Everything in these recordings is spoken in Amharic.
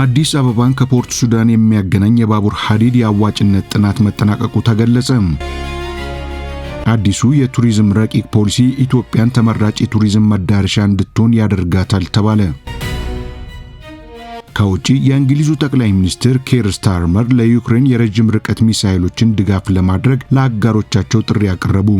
አዲስ አበባን ከፖርት ሱዳን የሚያገናኝ የባቡር ሐዲድ የአዋጭነት ጥናት መጠናቀቁ ተገለጸ። አዲሱ የቱሪዝም ረቂቅ ፖሊሲ ኢትዮጵያን ተመራጭ የቱሪዝም መዳረሻ እንድትሆን ያደርጋታል ተባለ። ከውጪ የእንግሊዙ ጠቅላይ ሚኒስትር ኬር ስታርመር ለዩክሬን የረጅም ርቀት ሚሳይሎችን ድጋፍ ለማድረግ ለአጋሮቻቸው ጥሪ አቀረቡ።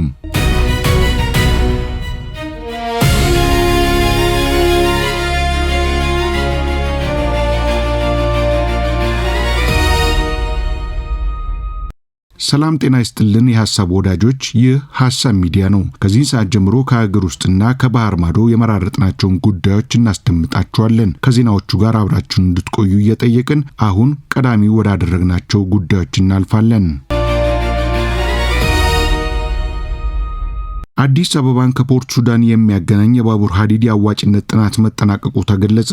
ሰላም ጤና ይስጥልን የሐሳብ ወዳጆች፣ ይህ ሐሳብ ሚዲያ ነው። ከዚህን ሰዓት ጀምሮ ከሀገር ውስጥና ከባህር ማዶ የመራረጥናቸውን ጉዳዮች እናስደምጣችኋለን። ከዜናዎቹ ጋር አብራችሁን እንድትቆዩ እየጠየቅን አሁን ቀዳሚ ወዳደረግናቸው ጉዳዮች እናልፋለን። አዲስ አበባን ከፖርት ሱዳን የሚያገናኝ የባቡር ሀዲድ የአዋጭነት ጥናት መጠናቀቁ ተገለጸ።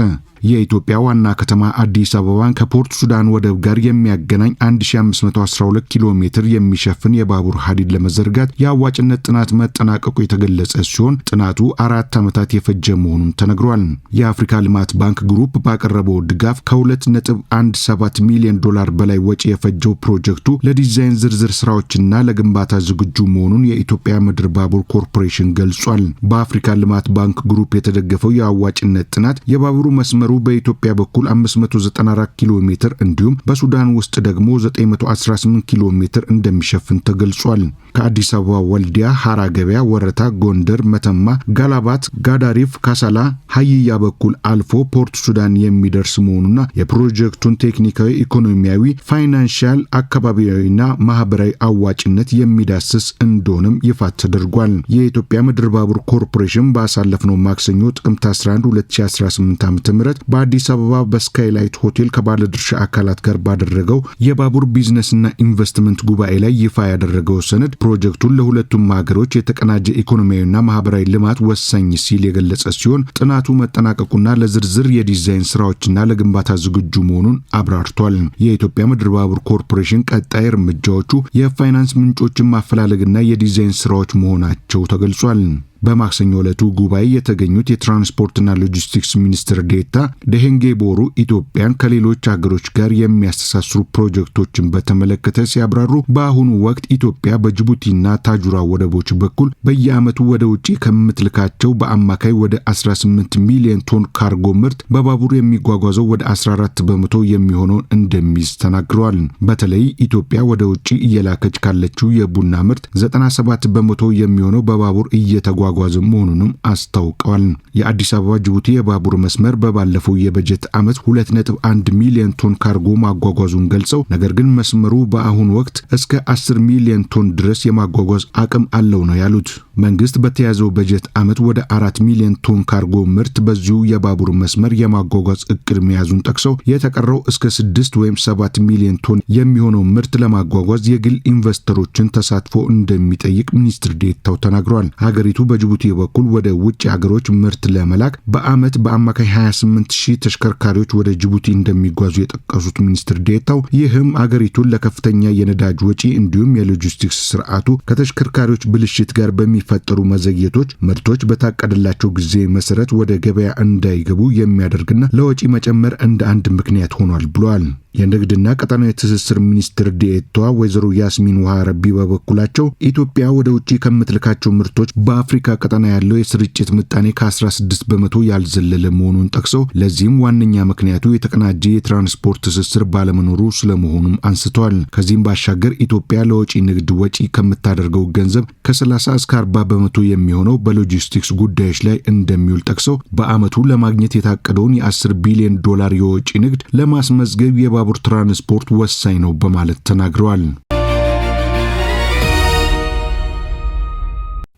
የኢትዮጵያ ዋና ከተማ አዲስ አበባን ከፖርት ሱዳን ወደብ ጋር የሚያገናኝ 1512 ኪሎ ሜትር የሚሸፍን የባቡር ሀዲድ ለመዘርጋት የአዋጭነት ጥናት መጠናቀቁ የተገለጸ ሲሆን ጥናቱ አራት ዓመታት የፈጀ መሆኑም ተነግሯል። የአፍሪካ ልማት ባንክ ግሩፕ ባቀረበው ድጋፍ ከ2.17 ሚሊዮን ዶላር በላይ ወጪ የፈጀው ፕሮጀክቱ ለዲዛይን ዝርዝር ስራዎችና ለግንባታ ዝግጁ መሆኑን የኢትዮጵያ ምድር ባቡር ኮርፖሬሽን ገልጿል። በአፍሪካ ልማት ባንክ ግሩፕ የተደገፈው የአዋጭነት ጥናት የባቡሩ መስመሩ በኢትዮጵያ በኩል 594 ኪሎ ሜትር እንዲሁም በሱዳን ውስጥ ደግሞ 918 ኪሎ ሜትር እንደሚሸፍን ተገልጿል። ከአዲስ አበባ ወልዲያ፣ ሐራ ገበያ፣ ወረታ፣ ጎንደር፣ መተማ፣ ጋላባት፣ ጋዳሪፍ፣ ካሳላ፣ ሀይያ በኩል አልፎ ፖርት ሱዳን የሚደርስ መሆኑና የፕሮጀክቱን ቴክኒካዊ፣ ኢኮኖሚያዊ፣ ፋይናንሻል፣ አካባቢያዊና ማህበራዊ አዋጭነት የሚዳስስ እንደሆነም ይፋ ተደርጓል። የኢትዮጵያ ምድር ባቡር ኮርፖሬሽን ባሳለፍነው ማክሰኞ ጥቅምት 11 2018 ዓ ም በአዲስ አበባ በስካይላይት ሆቴል ከባለድርሻ አካላት ጋር ባደረገው የባቡር ቢዝነስና ኢንቨስትመንት ጉባኤ ላይ ይፋ ያደረገው ሰነድ ፕሮጀክቱን ለሁለቱም ሀገሮች የተቀናጀ ኢኮኖሚያዊና ማህበራዊ ልማት ወሳኝ ሲል የገለጸ ሲሆን ጥናቱ መጠናቀቁና ለዝርዝር የዲዛይን ስራዎችና ለግንባታ ዝግጁ መሆኑን አብራርቷል። የኢትዮጵያ ምድር ባቡር ኮርፖሬሽን ቀጣይ እርምጃዎቹ የፋይናንስ ምንጮችን ማፈላለግና የዲዛይን ስራዎች መሆናቸው ተገልጿል። በማክሰኞ ዕለቱ ጉባኤ የተገኙት የትራንስፖርትና ሎጂስቲክስ ሚኒስትር ዴታ ደሄንጌ ቦሩ ኢትዮጵያን ከሌሎች አገሮች ጋር የሚያስተሳስሩ ፕሮጀክቶችን በተመለከተ ሲያብራሩ በአሁኑ ወቅት ኢትዮጵያ በጅቡቲና ታጁራ ወደቦች በኩል በየዓመቱ ወደ ውጭ ከምትልካቸው በአማካይ ወደ 18 ሚሊዮን ቶን ካርጎ ምርት በባቡር የሚጓጓዘው ወደ 14 በመቶ የሚሆነውን እንደሚይዝ ተናግረዋል። በተለይ ኢትዮጵያ ወደ ውጭ እየላከች ካለችው የቡና ምርት 97 በመቶ የሚሆነው በባቡር እየተጓ ለመጓጓዝ መሆኑንም አስታውቀዋል። የአዲስ አበባ ጅቡቲ የባቡር መስመር በባለፈው የበጀት ዓመት 2.1 ሚሊዮን ቶን ካርጎ ማጓጓዙን ገልጸው ነገር ግን መስመሩ በአሁኑ ወቅት እስከ 10 ሚሊዮን ቶን ድረስ የማጓጓዝ አቅም አለው ነው ያሉት። መንግስት በተያዘው በጀት ዓመት ወደ አራት ሚሊዮን ቶን ካርጎ ምርት በዚሁ የባቡር መስመር የማጓጓዝ እቅድ መያዙን ጠቅሰው የተቀረው እስከ ስድስት ወይም ሰባት ሚሊዮን ቶን የሚሆነው ምርት ለማጓጓዝ የግል ኢንቨስተሮችን ተሳትፎ እንደሚጠይቅ ሚኒስትር ዴታው ተናግረዋል። ሀገሪቱ በጅቡቲ በኩል ወደ ውጭ ሀገሮች ምርት ለመላክ በዓመት በአማካይ 28 ሺህ ተሽከርካሪዎች ወደ ጅቡቲ እንደሚጓዙ የጠቀሱት ሚኒስትር ዴታው ይህም አገሪቱን ለከፍተኛ የነዳጅ ወጪ እንዲሁም የሎጂስቲክስ ስርዓቱ ከተሽከርካሪዎች ብልሽት ጋር በሚፈጠሩ መዘግየቶች ምርቶች በታቀደላቸው ጊዜ መሰረት ወደ ገበያ እንዳይገቡ የሚያደርግና ለወጪ መጨመር እንደ አንድ ምክንያት ሆኗል ብሏል። የንግድና ቀጠናዊ ትስስር ሚኒስትር ዴኤታዋ ወይዘሮ ያስሚን ውሃ ረቢ በበኩላቸው ኢትዮጵያ ወደ ውጭ ከምትልካቸው ምርቶች በአፍሪካ ቀጠና ያለው የስርጭት ምጣኔ ከ16 በመቶ ያልዘለለ መሆኑን ጠቅሶ ለዚህም ዋነኛ ምክንያቱ የተቀናጀ የትራንስፖርት ትስስር ባለመኖሩ ስለመሆኑም አንስተዋል። ከዚህም ባሻገር ኢትዮጵያ ለወጪ ንግድ ወጪ ከምታደርገው ገንዘብ ከ30 እስከ 40 በመቶ የሚሆነው በሎጂስቲክስ ጉዳዮች ላይ እንደሚውል ጠቅሰው በዓመቱ ለማግኘት የታቀደውን የ10 ቢሊዮን ዶላር የወጪ ንግድ ለማስመዝገብ የባቡር ትራንስፖርት ወሳኝ ነው በማለት ተናግረዋል።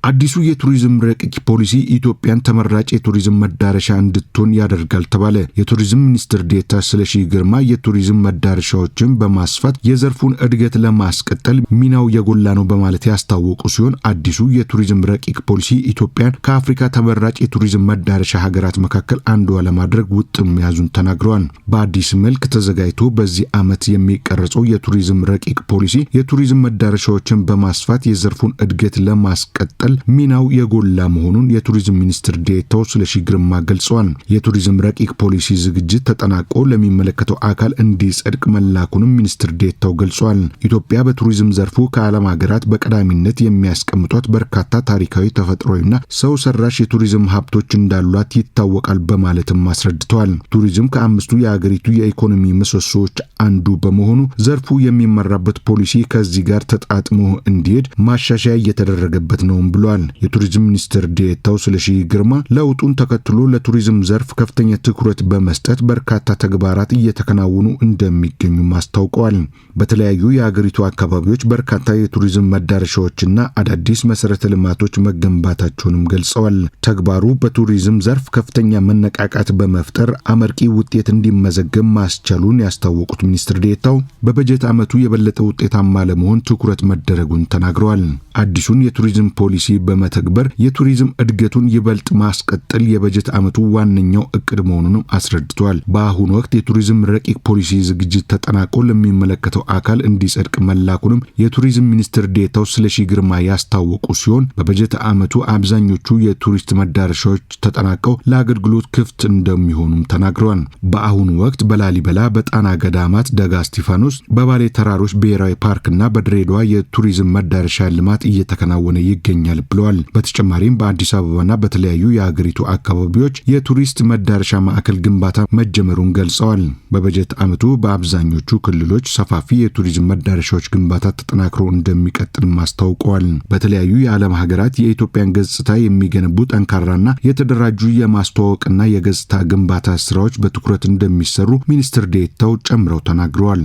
አዲሱ የቱሪዝም ረቂቅ ፖሊሲ ኢትዮጵያን ተመራጭ የቱሪዝም መዳረሻ እንድትሆን ያደርጋል ተባለ። የቱሪዝም ሚኒስትር ዴታ ስለሺ ግርማ የቱሪዝም መዳረሻዎችን በማስፋት የዘርፉን እድገት ለማስቀጠል ሚናው የጎላ ነው በማለት ያስታወቁ ሲሆን አዲሱ የቱሪዝም ረቂቅ ፖሊሲ ኢትዮጵያን ከአፍሪካ ተመራጭ የቱሪዝም መዳረሻ ሀገራት መካከል አንዷ ለማድረግ ውጥን መያዙን ተናግረዋል። በአዲስ መልክ ተዘጋጅቶ በዚህ ዓመት የሚቀረጸው የቱሪዝም ረቂቅ ፖሊሲ የቱሪዝም መዳረሻዎችን በማስፋት የዘርፉን እድገት ለማስቀጠል መካከል ሚናው የጎላ መሆኑን የቱሪዝም ሚኒስትር ዴታው ስለሺ ግርማ ገልጸዋል። የቱሪዝም ረቂቅ ፖሊሲ ዝግጅት ተጠናቆ ለሚመለከተው አካል እንዲጸድቅ መላኩንም ሚኒስትር ዴታው ገልጿል። ኢትዮጵያ በቱሪዝም ዘርፉ ከዓለም ሀገራት በቀዳሚነት የሚያስቀምጧት በርካታ ታሪካዊ፣ ተፈጥሯዊና ሰው ሰራሽ የቱሪዝም ሀብቶች እንዳሏት ይታወቃል በማለትም አስረድተዋል። ቱሪዝም ከአምስቱ የአገሪቱ የኢኮኖሚ ምሰሶዎች አንዱ በመሆኑ ዘርፉ የሚመራበት ፖሊሲ ከዚህ ጋር ተጣጥሞ እንዲሄድ ማሻሻያ እየተደረገበት ነውም ብሎ ብሏል። የቱሪዝም ሚኒስትር ዴኤታው ስለሺ ግርማ ለውጡን ተከትሎ ለቱሪዝም ዘርፍ ከፍተኛ ትኩረት በመስጠት በርካታ ተግባራት እየተከናወኑ እንደሚገኙም አስታውቀዋል። በተለያዩ የአገሪቱ አካባቢዎች በርካታ የቱሪዝም መዳረሻዎችና አዳዲስ መሰረተ ልማቶች መገንባታቸውንም ገልጸዋል። ተግባሩ በቱሪዝም ዘርፍ ከፍተኛ መነቃቃት በመፍጠር አመርቂ ውጤት እንዲመዘገብ ማስቻሉን ያስታወቁት ሚኒስትር ዴታው በበጀት ዓመቱ የበለጠ ውጤታማ ለመሆን ትኩረት መደረጉን ተናግረዋል። አዲሱን የቱሪዝም ፖሊሲ ፖሊሲ በመተግበር የቱሪዝም እድገቱን ይበልጥ ማስቀጠል የበጀት ዓመቱ ዋነኛው እቅድ መሆኑንም አስረድቷል። በአሁኑ ወቅት የቱሪዝም ረቂቅ ፖሊሲ ዝግጅት ተጠናቆ ለሚመለከተው አካል እንዲጸድቅ መላኩንም የቱሪዝም ሚኒስትር ዴታው ስለሺ ግርማ ያስታወቁ ሲሆን በበጀት ዓመቱ አብዛኞቹ የቱሪስት መዳረሻዎች ተጠናቀው ለአገልግሎት ክፍት እንደሚሆኑም ተናግረዋል። በአሁኑ ወቅት በላሊበላ፣ በጣና ገዳማት፣ ደጋ ስቲፋኖስ፣ በባሌ ተራሮች ብሔራዊ ፓርክና በድሬዳዋ የቱሪዝም መዳረሻ ልማት እየተከናወነ ይገኛል ብለዋል። በተጨማሪም በአዲስ አበባና በተለያዩ የሀገሪቱ አካባቢዎች የቱሪስት መዳረሻ ማዕከል ግንባታ መጀመሩን ገልጸዋል። በበጀት ዓመቱ በአብዛኞቹ ክልሎች ሰፋፊ የቱሪዝም መዳረሻዎች ግንባታ ተጠናክሮ እንደሚቀጥል አስታውቀዋል። በተለያዩ የዓለም ሀገራት የኢትዮጵያን ገጽታ የሚገነቡ ጠንካራና የተደራጁ የማስተዋወቅና የገጽታ ግንባታ ስራዎች በትኩረት እንደሚሰሩ ሚኒስትር ዴታው ጨምረው ተናግረዋል።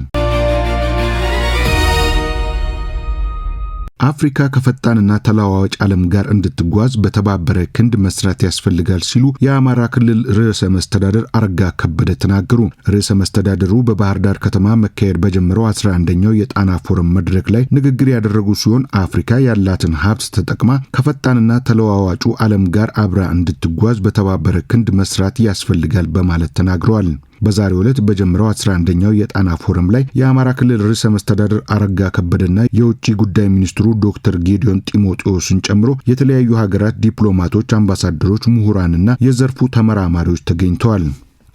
አፍሪካ ከፈጣንና ተለዋዋጭ ዓለም ጋር እንድትጓዝ በተባበረ ክንድ መስራት ያስፈልጋል ሲሉ የአማራ ክልል ርዕሰ መስተዳደር አረጋ ከበደ ተናገሩ። ርዕሰ መስተዳደሩ በባህር ዳር ከተማ መካሄድ በጀመረው 11 አንደኛው የጣና ፎረም መድረክ ላይ ንግግር ያደረጉ ሲሆን አፍሪካ ያላትን ሀብት ተጠቅማ ከፈጣንና ተለዋዋጩ ዓለም ጋር አብራ እንድትጓዝ በተባበረ ክንድ መስራት ያስፈልጋል በማለት ተናግረዋል። በዛሬው ዕለት በጀመረው 11ኛው የጣና ፎረም ላይ የአማራ ክልል ርዕሰ መስተዳደር አረጋ ከበደና የውጭ ጉዳይ ሚኒስትሩ ዶክተር ጌዲዮን ጢሞቴዎስን ጨምሮ የተለያዩ ሀገራት ዲፕሎማቶች፣ አምባሳደሮች፣ ምሁራንና የዘርፉ ተመራማሪዎች ተገኝተዋል።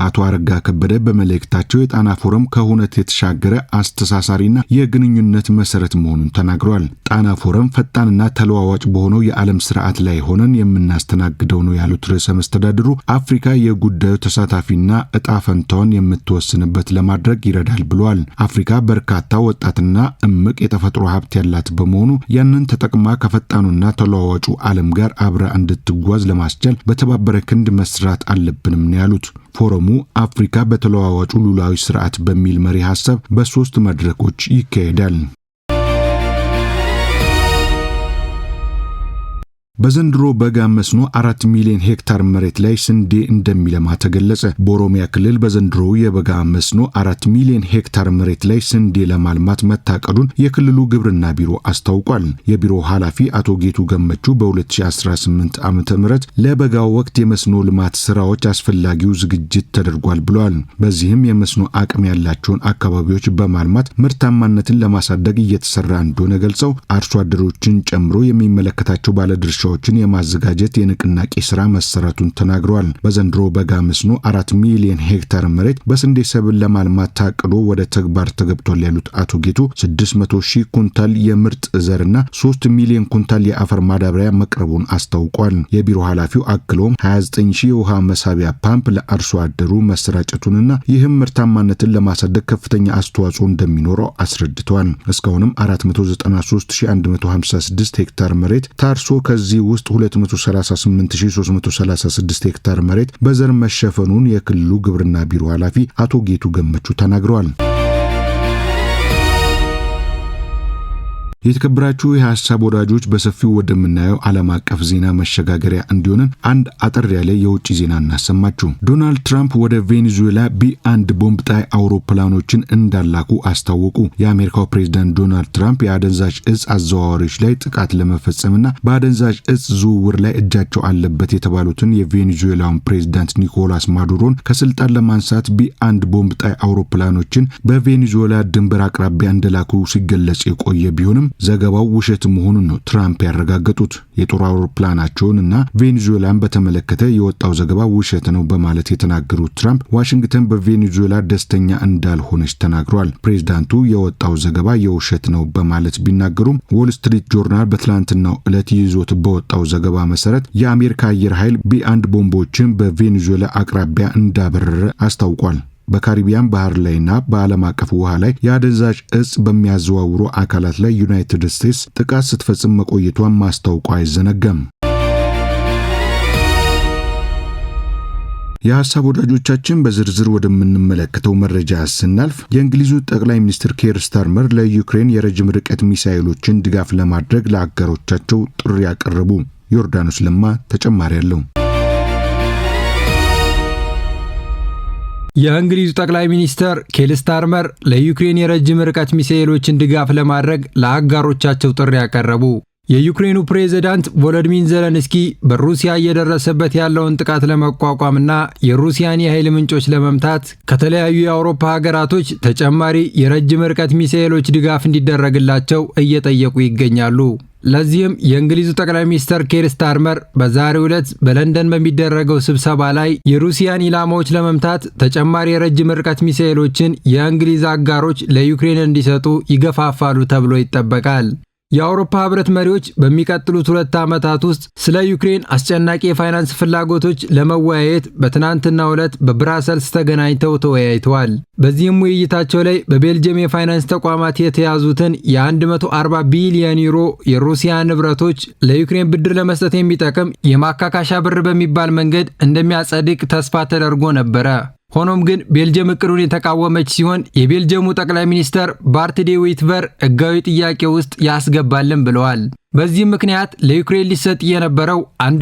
አቶ አረጋ ከበደ በመልእክታቸው የጣና ፎረም ከሁነት የተሻገረ አስተሳሳሪና የግንኙነት መሰረት መሆኑን ተናግረዋል። ጣና ፎረም ፈጣንና ተለዋዋጭ በሆነው የዓለም ስርዓት ላይ ሆነን የምናስተናግደው ነው ያሉት ርዕሰ መስተዳድሩ አፍሪካ የጉዳዩ ተሳታፊና እጣ ፈንታውን የምትወስንበት ለማድረግ ይረዳል ብለዋል። አፍሪካ በርካታ ወጣትና እምቅ የተፈጥሮ ሀብት ያላት በመሆኑ ያንን ተጠቅማ ከፈጣኑና ተለዋዋጩ ዓለም ጋር አብራ እንድትጓዝ ለማስቻል በተባበረ ክንድ መስራት አለብንም ነው ያሉት ፎረሙ ፎረሙ አፍሪካ በተለዋዋጩ ሉላዊ ስርዓት በሚል መሪ ሀሳብ በሶስት መድረኮች ይካሄዳል። በዘንድሮ በጋ መስኖ አራት ሚሊዮን ሄክታር መሬት ላይ ስንዴ እንደሚለማ ተገለጸ። በኦሮሚያ ክልል በዘንድሮ የበጋ መስኖ አራት ሚሊዮን ሄክታር መሬት ላይ ስንዴ ለማልማት መታቀዱን የክልሉ ግብርና ቢሮ አስታውቋል። የቢሮ ኃላፊ አቶ ጌቱ ገመቹ በ2018 ዓ ም ለበጋው ወቅት የመስኖ ልማት ስራዎች አስፈላጊው ዝግጅት ተደርጓል ብለዋል። በዚህም የመስኖ አቅም ያላቸውን አካባቢዎች በማልማት ምርታማነትን ለማሳደግ እየተሰራ እንደሆነ ገልጸው አርሶ አደሮችን ጨምሮ የሚመለከታቸው ባለድርሻ ማሳያዎችን የማዘጋጀት የንቅናቄ ስራ መሰረቱን ተናግረዋል። በዘንድሮ በጋ መስኖ አራት ሚሊዮን ሄክታር መሬት በስንዴ ሰብል ለማልማት ታቅዶ ወደ ተግባር ተገብቷል ያሉት አቶ ጌቱ 600 ሺህ ኩንታል የምርጥ ዘርና 3 ሚሊዮን ኩንታል የአፈር ማዳበሪያ መቅረቡን አስታውቋል። የቢሮ ኃላፊው አክሎም 29 ሺህ የውሃ መሳቢያ ፓምፕ ለአርሶ አደሩ መሰራጨቱንና ይህም ምርታማነትን ለማሳደግ ከፍተኛ አስተዋጽኦ እንደሚኖረው አስረድተዋል። እስካሁንም 493156 ሄክታር መሬት ታርሶ ከዚህ ከዚህ ውስጥ 238336 ሄክታር መሬት በዘር መሸፈኑን የክልሉ ግብርና ቢሮ ኃላፊ አቶ ጌቱ ገመቹ ተናግረዋል። የተከበራችሁ የሐሳብ ወዳጆች በሰፊው ወደምናየው ዓለም አቀፍ ዜና መሸጋገሪያ እንዲሆንን አንድ አጠር ያለ የውጭ ዜና እናሰማችሁ። ዶናልድ ትራምፕ ወደ ቬኔዙዌላ ቢ አንድ ቦምብ ጣይ አውሮፕላኖችን እንዳላኩ አስታወቁ። የአሜሪካው ፕሬዝዳንት ዶናልድ ትራምፕ የአደንዛዥ እጽ አዘዋዋሪዎች ላይ ጥቃት ለመፈጸምና በአደንዛዥ እጽ ዝውውር ላይ እጃቸው አለበት የተባሉትን የቬኔዙዌላውን ፕሬዝዳንት ኒኮላስ ማዱሮን ከስልጣን ለማንሳት ቢ አንድ ቦምብ ጣይ አውሮፕላኖችን በቬኔዙዌላ ድንበር አቅራቢያ እንደላኩ ሲገለጽ የቆየ ቢሆንም ዘገባው ውሸት መሆኑን ነው ትራምፕ ያረጋገጡት። የጦር አውሮፕላናቸውን እና ቬኔዙዌላን በተመለከተ የወጣው ዘገባ ውሸት ነው በማለት የተናገሩት ትራምፕ ዋሽንግተን በቬኔዙዌላ ደስተኛ እንዳልሆነች ተናግሯል። ፕሬዚዳንቱ የወጣው ዘገባ የውሸት ነው በማለት ቢናገሩም ዎል ስትሪት ጆርናል በትላንትናው ዕለት ይዞት በወጣው ዘገባ መሰረት የአሜሪካ አየር ኃይል ቢአንድ ቦምቦችን በቬኔዙዌላ አቅራቢያ እንዳበረረ አስታውቋል። በካሪቢያን ባህር ላይና በዓለም አቀፍ ውሃ ላይ የአደንዛዥ እጽ በሚያዘዋውሩ አካላት ላይ ዩናይትድ ስቴትስ ጥቃት ስትፈጽም መቆየቷን ማስታወቋ አይዘነገም። የሀሳብ ወዳጆቻችን በዝርዝር ወደምንመለከተው መረጃ ስናልፍ የእንግሊዙ ጠቅላይ ሚኒስትር ኬር ስታርመር ለዩክሬን የረጅም ርቀት ሚሳኤሎችን ድጋፍ ለማድረግ ለአጋሮቻቸው ጥሪ ያቀረቡ። ዮርዳኖስ ለማ ተጨማሪ አለው። የእንግሊዙ ጠቅላይ ሚኒስተር ኬልስታርመር ስታርመር ለዩክሬን የረጅም ርቀት ሚሳኤሎችን ድጋፍ ለማድረግ ለአጋሮቻቸው ጥሪ ያቀረቡ። የዩክሬኑ ፕሬዝዳንት ቮሎዲሚር ዘለንስኪ በሩሲያ እየደረሰበት ያለውን ጥቃት ለመቋቋምና የሩሲያን የኃይል ምንጮች ለመምታት ከተለያዩ የአውሮፓ ሀገራቶች ተጨማሪ የረጅም ርቀት ሚሳኤሎች ድጋፍ እንዲደረግላቸው እየጠየቁ ይገኛሉ። ለዚህም የእንግሊዙ ጠቅላይ ሚኒስትር ኬር ስታርመር በዛሬው ዕለት በለንደን በሚደረገው ስብሰባ ላይ የሩሲያን ኢላማዎች ለመምታት ተጨማሪ የረጅም ርቀት ሚሳኤሎችን የእንግሊዝ አጋሮች ለዩክሬን እንዲሰጡ ይገፋፋሉ ተብሎ ይጠበቃል። የአውሮፓ ህብረት መሪዎች በሚቀጥሉት ሁለት ዓመታት ውስጥ ስለ ዩክሬን አስጨናቂ የፋይናንስ ፍላጎቶች ለመወያየት በትናንትናው ዕለት በብራሰልስ ተገናኝተው ተወያይተዋል። በዚህም ውይይታቸው ላይ በቤልጅየም የፋይናንስ ተቋማት የተያዙትን የ140 ቢሊዮን ዩሮ የሩሲያ ንብረቶች ለዩክሬን ብድር ለመስጠት የሚጠቅም የማካካሻ ብር በሚባል መንገድ እንደሚያጸድቅ ተስፋ ተደርጎ ነበረ። ሆኖም ግን ቤልጅየም እቅዱን የተቃወመች ሲሆን የቤልጅየሙ ጠቅላይ ሚኒስተር ባርት ዴ ዊትቨር ህጋዊ ጥያቄ ውስጥ ያስገባልን ብለዋል። በዚህም ምክንያት ለዩክሬን ሊሰጥ የነበረው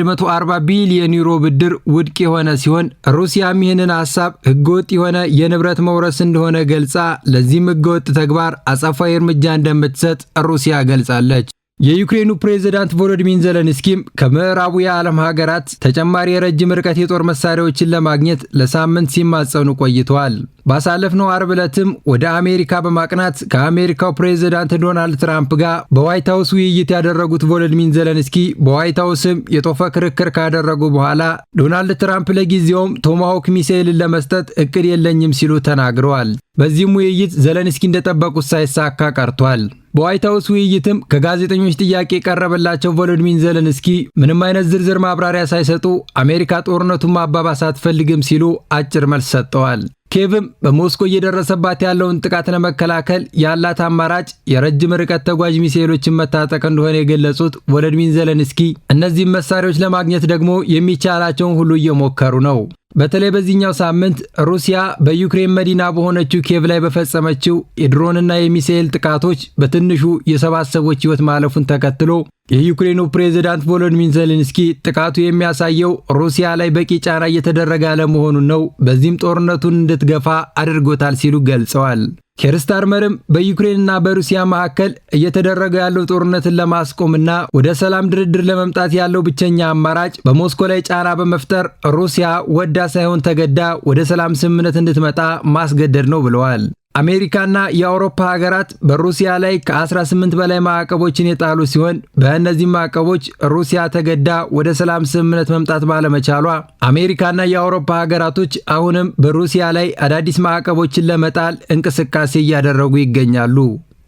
140 ቢሊዮን ዩሮ ብድር ውድቅ የሆነ ሲሆን ሩሲያም ይህንን ሀሳብ ህገወጥ የሆነ የንብረት መውረስ እንደሆነ ገልጻ ለዚህም ህገወጥ ተግባር አጸፋዊ እርምጃ እንደምትሰጥ ሩሲያ ገልጻለች። የዩክሬኑ ፕሬዝዳንት ቮሎዲሚር ዘለንስኪም ከምዕራቡ የዓለም ሀገራት ተጨማሪ የረጅም ርቀት የጦር መሳሪያዎችን ለማግኘት ለሳምንት ሲማጸኑ ቆይተዋል። ባሳለፍነው አርብ ዕለትም ወደ አሜሪካ በማቅናት ከአሜሪካው ፕሬዚዳንት ዶናልድ ትራምፕ ጋር በዋይት ሀውስ ውይይት ያደረጉት ቮሎዲሚር ዘለንስኪ በዋይት ሀውስም የጦፈ ክርክር ካደረጉ በኋላ ዶናልድ ትራምፕ ለጊዜውም ቶማሆክ ሚሳኤልን ለመስጠት እቅድ የለኝም ሲሉ ተናግረዋል። በዚህም ውይይት ዘለንስኪ እንደጠበቁት ሳይሳካ ቀርቷል። በዋይት ሀውስ ውይይትም ከጋዜጠኞች ጥያቄ የቀረበላቸው ቮሎዲሚር ዘለንስኪ ምንም አይነት ዝርዝር ማብራሪያ ሳይሰጡ አሜሪካ ጦርነቱን ማባባስ አትፈልግም ሲሉ አጭር መልስ ሰጥተዋል። ኬቭም በሞስኮ እየደረሰባት ያለውን ጥቃት ለመከላከል ያላት አማራጭ የረጅም ርቀት ተጓዥ ሚሳኤሎችን መታጠቅ እንደሆነ የገለጹት ወለድሚን ዘለንስኪ እነዚህም መሳሪያዎች ለማግኘት ደግሞ የሚቻላቸውን ሁሉ እየሞከሩ ነው። በተለይ በዚህኛው ሳምንት ሩሲያ በዩክሬን መዲና በሆነችው ኬቭ ላይ በፈጸመችው የድሮንና የሚሳኤል ጥቃቶች በትንሹ የሰባት ሰዎች ሕይወት ማለፉን ተከትሎ የዩክሬኑ ፕሬዝዳንት ቮሎዲሚር ዜሌንስኪ ጥቃቱ የሚያሳየው ሩሲያ ላይ በቂ ጫና እየተደረገ አለመሆኑን ነው፣ በዚህም ጦርነቱን እንድትገፋ አድርጎታል ሲሉ ገልጸዋል። ኬርስታርመርም በዩክሬንና በሩሲያ መካከል እየተደረገ ያለው ጦርነትን ለማስቆምና ወደ ሰላም ድርድር ለመምጣት ያለው ብቸኛ አማራጭ በሞስኮ ላይ ጫና በመፍጠር ሩሲያ ወዳ ሳይሆን ተገዳ ወደ ሰላም ስምምነት እንድትመጣ ማስገደድ ነው ብለዋል። አሜሪካና የአውሮፓ ሀገራት በሩሲያ ላይ ከ18 በላይ ማዕቀቦችን የጣሉ ሲሆን በእነዚህ ማዕቀቦች ሩሲያ ተገዳ ወደ ሰላም ስምምነት መምጣት ባለመቻሏ አሜሪካና የአውሮፓ ሀገራቶች አሁንም በሩሲያ ላይ አዳዲስ ማዕቀቦችን ለመጣል እንቅስቃሴ እያደረጉ ይገኛሉ።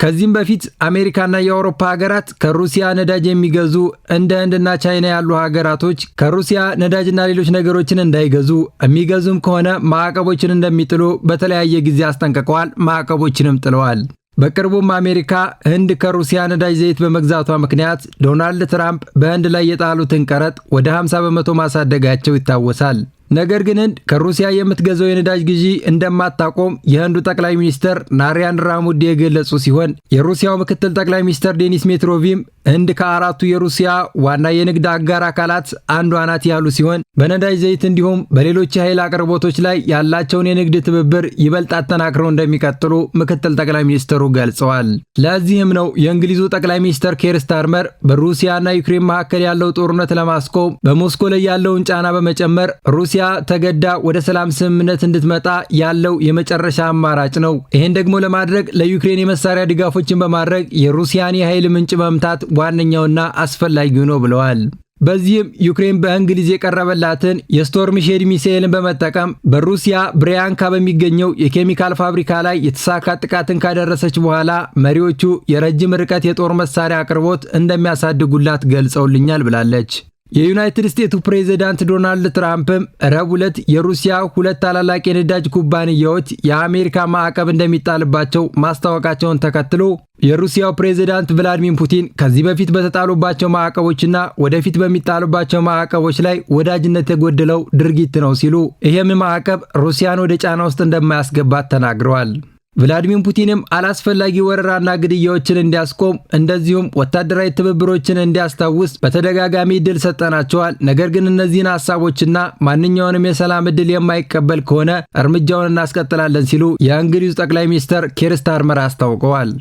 ከዚህም በፊት አሜሪካና የአውሮፓ ሀገራት ከሩሲያ ነዳጅ የሚገዙ እንደ ህንድና ቻይና ያሉ ሀገራቶች ከሩሲያ ነዳጅና ሌሎች ነገሮችን እንዳይገዙ፣ የሚገዙም ከሆነ ማዕቀቦችን እንደሚጥሉ በተለያየ ጊዜ አስጠንቅቀዋል። ማዕቀቦችንም ጥለዋል። በቅርቡም አሜሪካ ህንድ ከሩሲያ ነዳጅ ዘይት በመግዛቷ ምክንያት ዶናልድ ትራምፕ በህንድ ላይ የጣሉትን ቀረጥ ወደ 50 በመቶ ማሳደጋቸው ይታወሳል። ነገር ግን ህንድ ከሩሲያ የምትገዛው የነዳጅ ግዢ እንደማታቆም የህንዱ ጠቅላይ ሚኒስተር ናሪያን ራሙዲ የገለጹ ሲሆን የሩሲያው ምክትል ጠቅላይ ሚኒስተር ዴኒስ ሜትሮቪም ህንድ ከአራቱ የሩሲያ ዋና የንግድ አጋር አካላት አንዷ ናት ያሉ ሲሆን በነዳጅ ዘይት እንዲሁም በሌሎች የኃይል አቅርቦቶች ላይ ያላቸውን የንግድ ትብብር ይበልጥ አጠናክረው እንደሚቀጥሉ ምክትል ጠቅላይ ሚኒስትሩ ገልጸዋል። ለዚህም ነው የእንግሊዙ ጠቅላይ ሚኒስትር ኬር ስታርመር በሩሲያና ዩክሬን መካከል ያለው ጦርነት ለማስቆም በሞስኮ ላይ ያለውን ጫና በመጨመር ሩሲያ ሩሲያ ተገዳ ወደ ሰላም ስምምነት እንድትመጣ ያለው የመጨረሻ አማራጭ ነው። ይህን ደግሞ ለማድረግ ለዩክሬን የመሳሪያ ድጋፎችን በማድረግ የሩሲያን የኃይል ምንጭ መምታት ዋነኛውና አስፈላጊው ነው ብለዋል። በዚህም ዩክሬን በእንግሊዝ የቀረበላትን የስቶርም ሼድ ሚሳኤልን በመጠቀም በሩሲያ ብሪያንካ በሚገኘው የኬሚካል ፋብሪካ ላይ የተሳካ ጥቃትን ካደረሰች በኋላ መሪዎቹ የረጅም ርቀት የጦር መሳሪያ አቅርቦት እንደሚያሳድጉላት ገልጸውልኛል ብላለች። የዩናይትድ ስቴቱ ፕሬዝዳንት ዶናልድ ትራምፕም ረቡዕ ዕለት የሩሲያ ሁለት ታላላቅ የነዳጅ ኩባንያዎች የአሜሪካ ማዕቀብ እንደሚጣልባቸው ማስታወቃቸውን ተከትሎ የሩሲያው ፕሬዝዳንት ቭላዲሚር ፑቲን ከዚህ በፊት በተጣሉባቸው ማዕቀቦችና ወደፊት በሚጣሉባቸው ማዕቀቦች ላይ ወዳጅነት የጎደለው ድርጊት ነው ሲሉ ይህም ማዕቀብ ሩሲያን ወደ ጫና ውስጥ እንደማያስገባት ተናግረዋል። ቭላዲሚር ፑቲንም አላስፈላጊ ወረራና ግድያዎችን እንዲያስቆም እንደዚሁም ወታደራዊ ትብብሮችን እንዲያስታውስ በተደጋጋሚ እድል ሰጠናቸዋል። ነገር ግን እነዚህን ሀሳቦችና ማንኛውንም የሰላም እድል የማይቀበል ከሆነ እርምጃውን እናስቀጥላለን ሲሉ የእንግሊዙ ጠቅላይ ሚኒስትር ኬር ስታርመር አስታውቀዋል።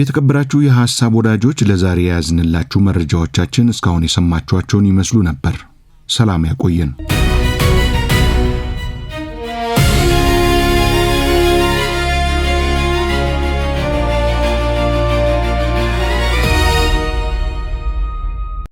የተከበራችሁ የሐሳብ ወዳጆች ለዛሬ የያዝንላችሁ መረጃዎቻችን እስካሁን የሰማችኋቸውን ይመስሉ ነበር። ሰላም ያቆየን።